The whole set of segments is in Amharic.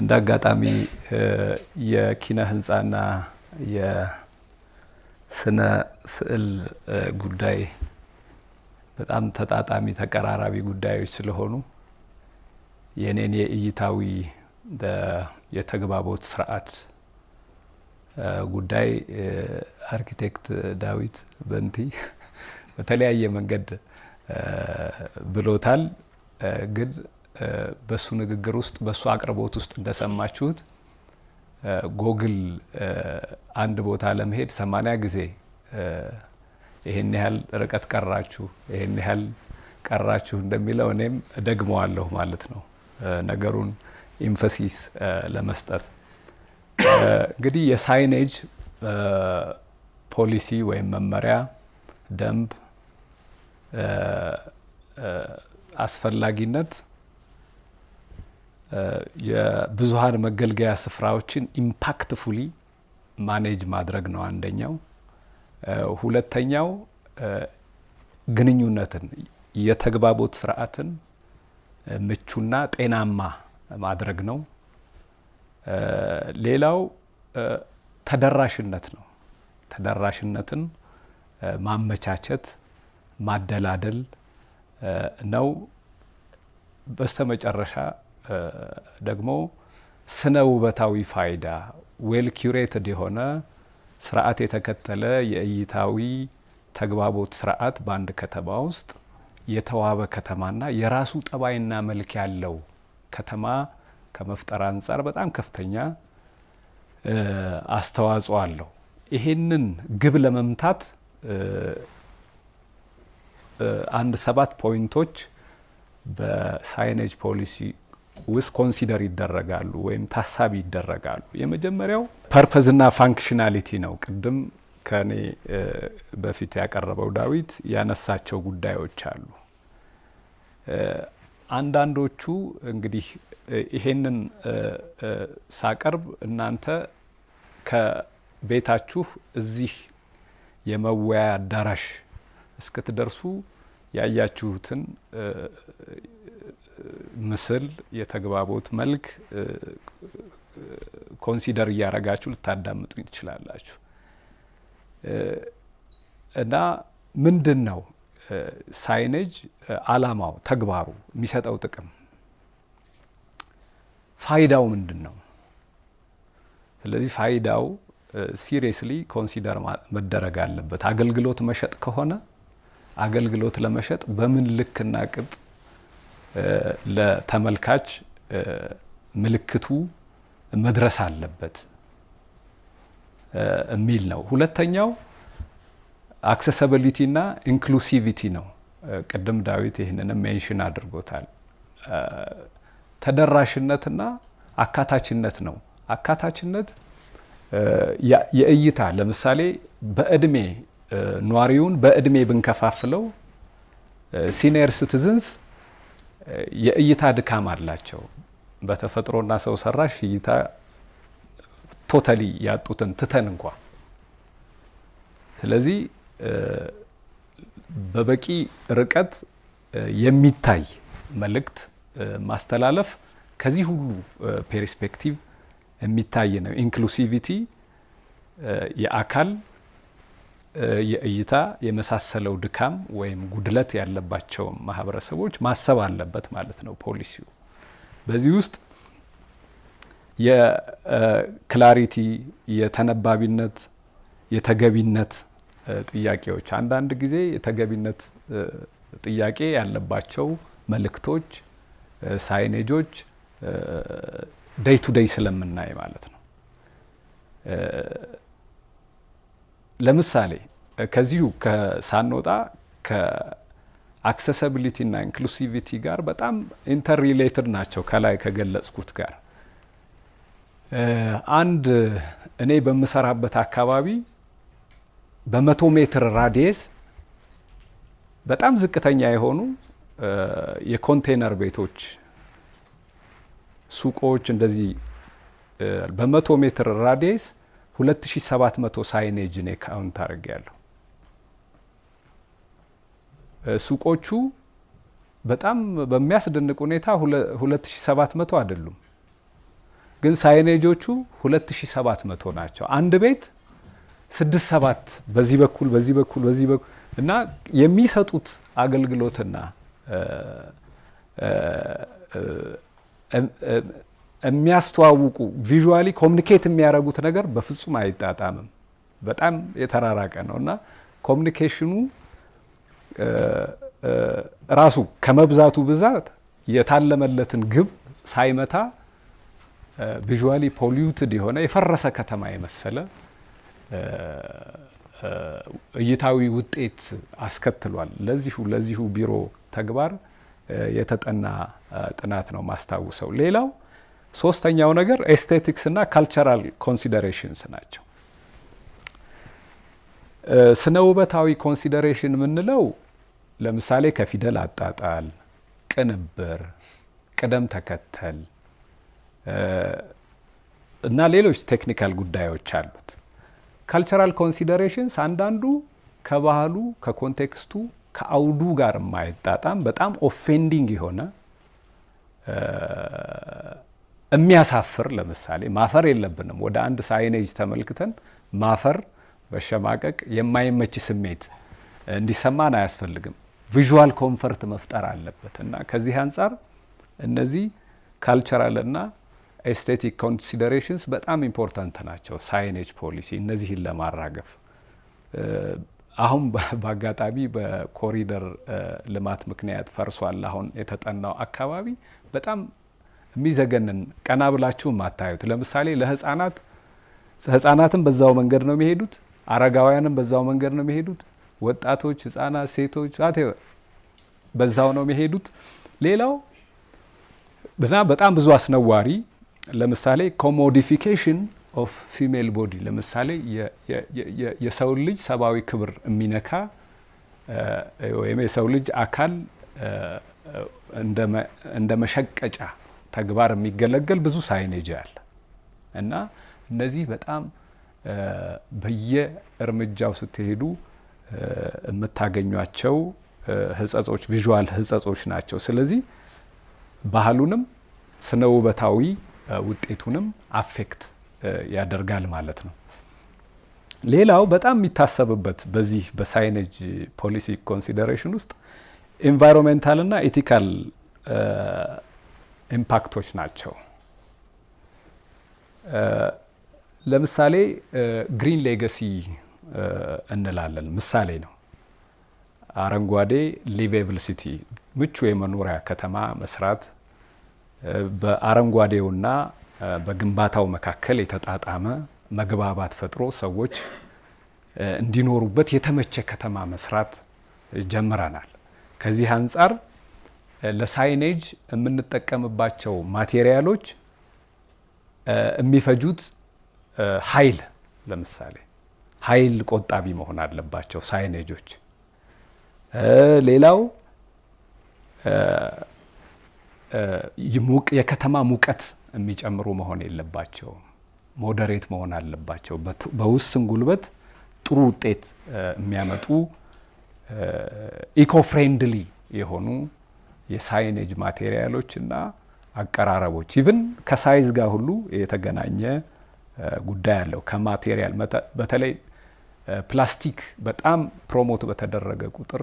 እንደ አጋጣሚ የኪነ ህንፃና የስነ ስዕል ጉዳይ በጣም ተጣጣሚ ተቀራራቢ ጉዳዮች ስለሆኑ የኔን የእይታዊ የተግባቦት ስርዓት ጉዳይ አርኪቴክት ዳዊት በንቲ በተለያየ መንገድ ብሎታል ግን በሱ ንግግር ውስጥ በሱ አቅርቦት ውስጥ እንደሰማችሁት ጎግል አንድ ቦታ ለመሄድ ሰማንያ ጊዜ ይህን ያህል ርቀት ቀራችሁ፣ ይሄን ያህል ቀራችሁ እንደሚለው እኔም ደግመዋለሁ ማለት ነው። ነገሩን ኢንፈሲስ ለመስጠት እንግዲህ የሳይኔጅ ፖሊሲ ወይም መመሪያ ደንብ አስፈላጊነት የብዙሀን መገልገያ ስፍራዎችን ኢምፓክትፉሊ ማኔጅ ማድረግ ነው አንደኛው። ሁለተኛው ግንኙነትን የተግባቦት ስርዓትን ምቹና ጤናማ ማድረግ ነው። ሌላው ተደራሽነት ነው። ተደራሽነትን ማመቻቸት ማደላደል ነው። በስተመጨረሻ ደግሞ ስነ ውበታዊ ፋይዳ ዌል ኪሬትድ የሆነ ስርዓት የተከተለ የእይታዊ ተግባቦት ስርዓት በአንድ ከተማ ውስጥ የተዋበ ከተማና የራሱ ጠባይና መልክ ያለው ከተማ ከመፍጠር አንጻር በጣም ከፍተኛ አስተዋጽኦ አለው። ይሄንን ግብ ለመምታት አንድ ሰባት ፖይንቶች በሳይኔጅ ፖሊሲ ውስጥ ኮንሲደር ይደረጋሉ ወይም ታሳቢ ይደረጋሉ። የመጀመሪያው ፐርፐዝና ፋንክሽናሊቲ ነው። ቅድም ከኔ በፊት ያቀረበው ዳዊት ያነሳቸው ጉዳዮች አሉ። አንዳንዶቹ እንግዲህ ይሄንን ሳቀርብ እናንተ ከቤታችሁ እዚህ የመወያያ አዳራሽ እስክትደርሱ ያያችሁትን ምስል፣ የተግባቦት መልክ ኮንሲደር እያረጋችሁ ልታዳምጡኝ ትችላላችሁ። እና ምንድን ነው ሳይነጅ አላማው፣ ተግባሩ የሚሰጠው ጥቅም ፋይዳው ምንድን ነው? ስለዚህ ፋይዳው ሲሪየስሊ ኮንሲደር መደረግ አለበት። አገልግሎት መሸጥ ከሆነ አገልግሎት ለመሸጥ በምን ልክና ቅጥ ለተመልካች ምልክቱ መድረስ አለበት የሚል ነው። ሁለተኛው አክሰሰብሊቲ እና ኢንክሉሲቪቲ ነው። ቅድም ዳዊት ይህንንም ሜንሽን አድርጎታል። ተደራሽነትና አካታችነት ነው። አካታችነት የእይታ ለምሳሌ በእድሜ ኗሪውን በእድሜ ብንከፋፍለው ሲኒየር ሲቲዝንስ የእይታ ድካም አላቸው። በተፈጥሮና ሰው ሰራሽ እይታ ቶታሊ ያጡትን ትተን እንኳ ስለዚህ በበቂ ርቀት የሚታይ መልእክት ማስተላለፍ ከዚህ ሁሉ ፔርስፔክቲቭ የሚታይ ነው። ኢንክሉሲቪቲ የአካል የእይታ የመሳሰለው ድካም ወይም ጉድለት ያለባቸው ማህበረሰቦች ማሰብ አለበት ማለት ነው ፖሊሲው። በዚህ ውስጥ የክላሪቲ የተነባቢነት፣ የተገቢነት ጥያቄዎች አንዳንድ ጊዜ የተገቢነት ጥያቄ ያለባቸው መልእክቶች፣ ሳይኔጆች ደይ ቱ ደይ ስለምናይ ማለት ነው ለምሳሌ ከዚሁ ሳንወጣ ከአክሰሰብሊቲ ና ኢንክሉሲቪቲ ጋር በጣም ኢንተርሪሌትድ ናቸው ከላይ ከገለጽኩት ጋር አንድ እኔ በምሰራበት አካባቢ በመቶ ሜትር ራዲየስ በጣም ዝቅተኛ የሆኑ የኮንቴነር ቤቶች፣ ሱቆች እንደዚህ በመቶ ሜትር ራዲየስ 2700 ሳይኔጅ እኔ ካውንት ያለው ሱቆቹ በጣም በሚያስደንቅ ሁኔታ 2700 አይደሉም፣ ግን ሳይኔጆቹ 2700 ናቸው። አንድ ቤት ስድስት ሰባት በዚህ በኩል በዚህ በኩል በዚህ በኩል እና የሚሰጡት አገልግሎትና የሚያስተዋውቁ ቪዥዋሊ ኮሚኒኬት የሚያደርጉት ነገር በፍጹም አይጣጣምም። በጣም የተራራቀ ነው እና ኮሚኒኬሽኑ ራሱ ከመብዛቱ ብዛት የታለመለትን ግብ ሳይመታ ቪዥዋሊ ፖሊዩትድ የሆነ የፈረሰ ከተማ የመሰለ እይታዊ ውጤት አስከትሏል። ለዚሁ ለዚሁ ቢሮ ተግባር የተጠና ጥናት ነው ማስታውሰው ሌላው ሶስተኛው ነገር ኤስቴቲክስ እና ካልቸራል ኮንሲደሬሽንስ ናቸው። ስነ ውበታዊ ኮንሲደሬሽን የምንለው ለምሳሌ ከፊደል አጣጣል፣ ቅንብር፣ ቅደም ተከተል እና ሌሎች ቴክኒካል ጉዳዮች አሉት። ካልቸራል ኮንሲደሬሽንስ አንዳንዱ ከባህሉ ከኮንቴክስቱ ከአውዱ ጋር የማይጣጣም በጣም ኦፌንዲንግ የሆነ የሚያሳፍር ለምሳሌ ማፈር የለብንም። ወደ አንድ ሳይኔጅ ተመልክተን ማፈር፣ መሸማቀቅ፣ የማይመች ስሜት እንዲሰማን አያስፈልግም። ቪዥዋል ኮንፈርት መፍጠር አለበት እና ከዚህ አንጻር እነዚህ ካልቸራል እና ኤስቴቲክ ኮንሲደሬሽንስ በጣም ኢምፖርታንት ናቸው። ሳይኔጅ ፖሊሲ እነዚህን ለማራገፍ አሁን በአጋጣሚ በኮሪደር ልማት ምክንያት ፈርሷል። አሁን የተጠናው አካባቢ በጣም የሚዘገንን ቀና ብላችሁ ማታዩት። ለምሳሌ ለህጻናት ህጻናትም በዛው መንገድ ነው የሚሄዱት፣ አረጋውያንም በዛው መንገድ ነው የሚሄዱት። ወጣቶች፣ ህጻናት፣ ሴቶች በዛው ነው የሚሄዱት። ሌላው ብና በጣም ብዙ አስነዋሪ ለምሳሌ ኮሞዲፊኬሽን ኦፍ ፊሜል ቦዲ ለምሳሌ የሰው ልጅ ሰብአዊ ክብር የሚነካ ወይም የሰው ልጅ አካል እንደ መሸቀጫ ተግባር የሚገለገል ብዙ ሳይኔጅ አለ እና እነዚህ በጣም በየእርምጃው ስትሄዱ የምታገኟቸው ህጸጾች ቪዥዋል ህጸጾች ናቸው። ስለዚህ ባህሉንም ስነ ውበታዊ ውጤቱንም አፌክት ያደርጋል ማለት ነው። ሌላው በጣም የሚታሰብበት በዚህ በሳይነጅ ፖሊሲ ኮንሲደሬሽን ውስጥ ኢንቫይሮንሜንታልና ኤቲካል ኢምፓክቶች ናቸው። ለምሳሌ ግሪን ሌገሲ እንላለን። ምሳሌ ነው። አረንጓዴ ሊቬብል ሲቲ ምቹ የመኖሪያ ከተማ መስራት በአረንጓዴውና በግንባታው መካከል የተጣጣመ መግባባት ፈጥሮ ሰዎች እንዲኖሩበት የተመቸ ከተማ መስራት ጀምረናል። ከዚህ አንጻር ለሳይኔጅ የምንጠቀምባቸው ማቴሪያሎች የሚፈጁት ኃይል ለምሳሌ ኃይል ቆጣቢ መሆን አለባቸው ሳይኔጆች። ሌላው የከተማ ሙቀት የሚጨምሩ መሆን የለባቸውም። ሞደሬት መሆን አለባቸው። በውስን ጉልበት ጥሩ ውጤት የሚያመጡ ኢኮ ፍሬንድሊ የሆኑ የሳይኔጅ ማቴሪያሎች እና አቀራረቦች ኢቭን ከሳይዝ ጋር ሁሉ የተገናኘ ጉዳይ አለው። ከማቴሪያል በተለይ ፕላስቲክ በጣም ፕሮሞት በተደረገ ቁጥር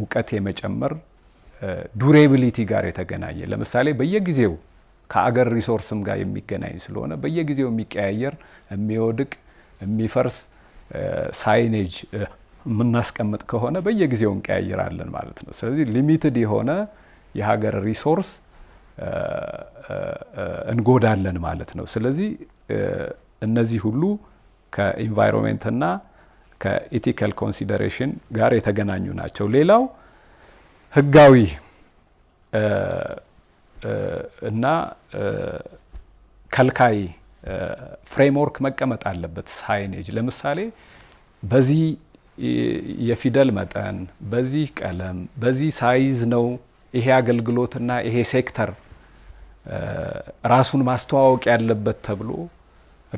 ሙቀት የመጨመር ዱሬቢሊቲ ጋር የተገናኘ ለምሳሌ በየጊዜው ከአገር ሪሶርስም ጋር የሚገናኝ ስለሆነ በየጊዜው የሚቀያየር፣ የሚወድቅ፣ የሚፈርስ ሳይኔጅ የምናስቀምጥ ከሆነ በየጊዜው እንቀያይራለን ማለት ነው። ስለዚህ ሊሚትድ የሆነ የሀገር ሪሶርስ እንጎዳለን ማለት ነው። ስለዚህ እነዚህ ሁሉ ከኢንቫይሮንሜንትና ከኢቲካል ኮንሲደሬሽን ጋር የተገናኙ ናቸው። ሌላው ህጋዊ እና ከልካይ ፍሬምወርክ መቀመጥ አለበት ሳይኔጅ ለምሳሌ በዚህ የፊደል መጠን በዚህ ቀለም በዚህ ሳይዝ ነው ይሄ አገልግሎትና ይሄ ሴክተር ራሱን ማስተዋወቅ ያለበት ተብሎ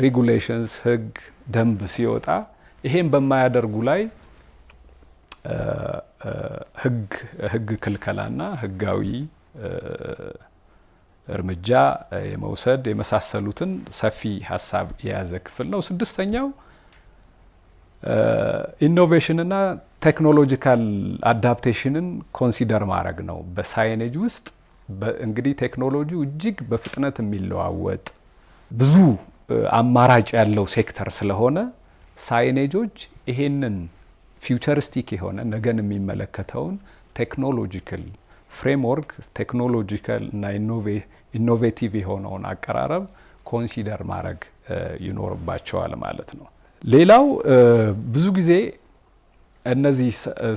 ሬጉሌሽንስ ህግ ደንብ ሲወጣ ይሄን በማያደርጉ ላይ ህግ ህግ ክልከላና ህጋዊ እርምጃ የመውሰድ የመሳሰሉትን ሰፊ ሀሳብ የያዘ ክፍል ነው። ስድስተኛው ኢኖቬሽንና ቴክኖሎጂካል አዳፕቴሽንን ኮንሲደር ማድረግ ነው። በሳይኔጅ ውስጥ እንግዲህ ቴክኖሎጂው እጅግ በፍጥነት የሚለዋወጥ ብዙ አማራጭ ያለው ሴክተር ስለሆነ ሳይኔጆች ይሄንን ፊውቸሪስቲክ የሆነ ነገን የሚመለከተውን ቴክኖሎጂካል ፍሬምወርክ ቴክኖሎጂካል እና ኢኖቬቲቭ የሆነውን አቀራረብ ኮንሲደር ማድረግ ይኖርባቸዋል ማለት ነው። ሌላው ብዙ ጊዜ እነዚህ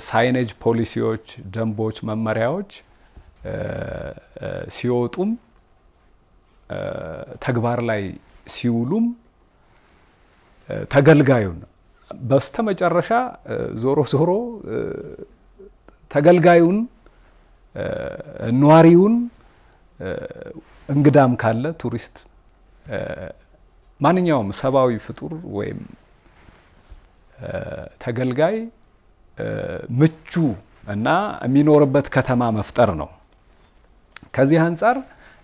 ሳይነጅ ፖሊሲዎች፣ ደንቦች፣ መመሪያዎች ሲወጡም ተግባር ላይ ሲውሉም ተገልጋዩን በስተመጨረሻ ዞሮ ዞሮ ተገልጋዩን ነዋሪውን እንግዳም ካለ ቱሪስት ማንኛውም ሰብአዊ ፍጡር ወይም ተገልጋይ ምቹ እና የሚኖርበት ከተማ መፍጠር ነው። ከዚህ አንጻር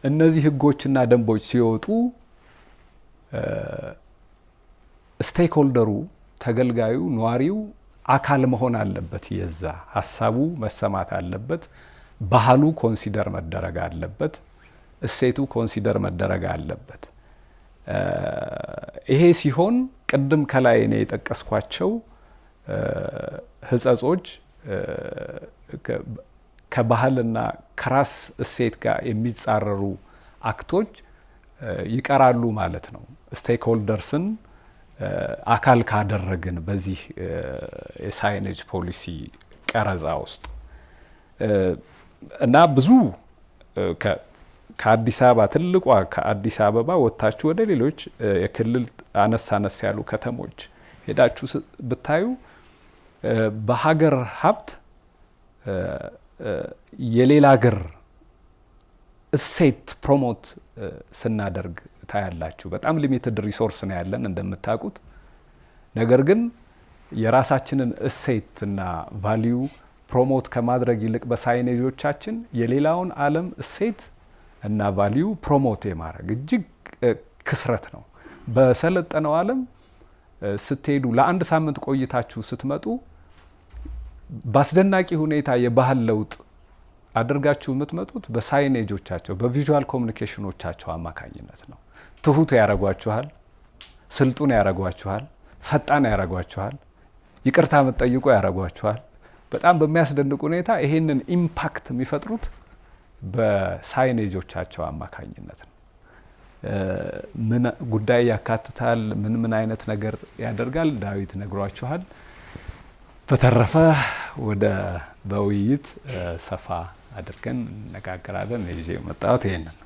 እነዚህ ህጎችና ደንቦች ሲወጡ ስቴክሆልደሩ ተገልጋዩ፣ ነዋሪው አካል መሆን አለበት። የዛ ሀሳቡ መሰማት አለበት። ባህሉ ኮንሲደር መደረግ አለበት። እሴቱ ኮንሲደር መደረግ አለበት። ይሄ ሲሆን ቅድም ከላይ እኔ የጠቀስኳቸው ህጸጾች ከባህልና ከራስ እሴት ጋር የሚጻረሩ አክቶች ይቀራሉ ማለት ነው። ስቴክሆልደርስን አካል ካደረግን በዚህ የሳይነጅ ፖሊሲ ቀረጻ ውስጥ እና ብዙ ከአዲስ አበባ ትልቋ ከአዲስ አበባ ወጥታችሁ ወደ ሌሎች የክልል አነስ አነስ ያሉ ከተሞች ሄዳችሁ ብታዩ በሀገር ሀብት የሌላ ሀገር እሴት ፕሮሞት ስናደርግ ታያላችሁ። በጣም ሊሚትድ ሪሶርስ ነው ያለን እንደምታውቁት። ነገር ግን የራሳችንን እሴት እና ቫሊዩ ፕሮሞት ከማድረግ ይልቅ በሳይኔጆቻችን የሌላውን ዓለም እሴት እና ቫሊዩ ፕሮሞት የማድረግ እጅግ ክስረት ነው። በሰለጠነው ዓለም ስትሄዱ ለአንድ ሳምንት ቆይታችሁ ስትመጡ በአስደናቂ ሁኔታ የባህል ለውጥ አድርጋችሁ የምትመጡት በሳይኔጆቻቸው በቪዥዋል ኮሚኒኬሽኖቻቸው አማካኝነት ነው። ትሁት ያረጓችኋል፣ ስልጡን ያረጓችኋል፣ ፈጣን ያረጓችኋል፣ ይቅርታ መጠይቁ ያረጓችኋል። በጣም በሚያስደንቅ ሁኔታ ይሄንን ኢምፓክት የሚፈጥሩት በሳይኔጆቻቸው አማካኝነት ነው። ምን ጉዳይ ያካትታል፣ ምን ምን አይነት ነገር ያደርጋል፣ ዳዊት ነግሯችኋል። በተረፈ ወደ በውይይት ሰፋ አድርገን እነጋገራለን። ይዤ መጣሁት ይሄንን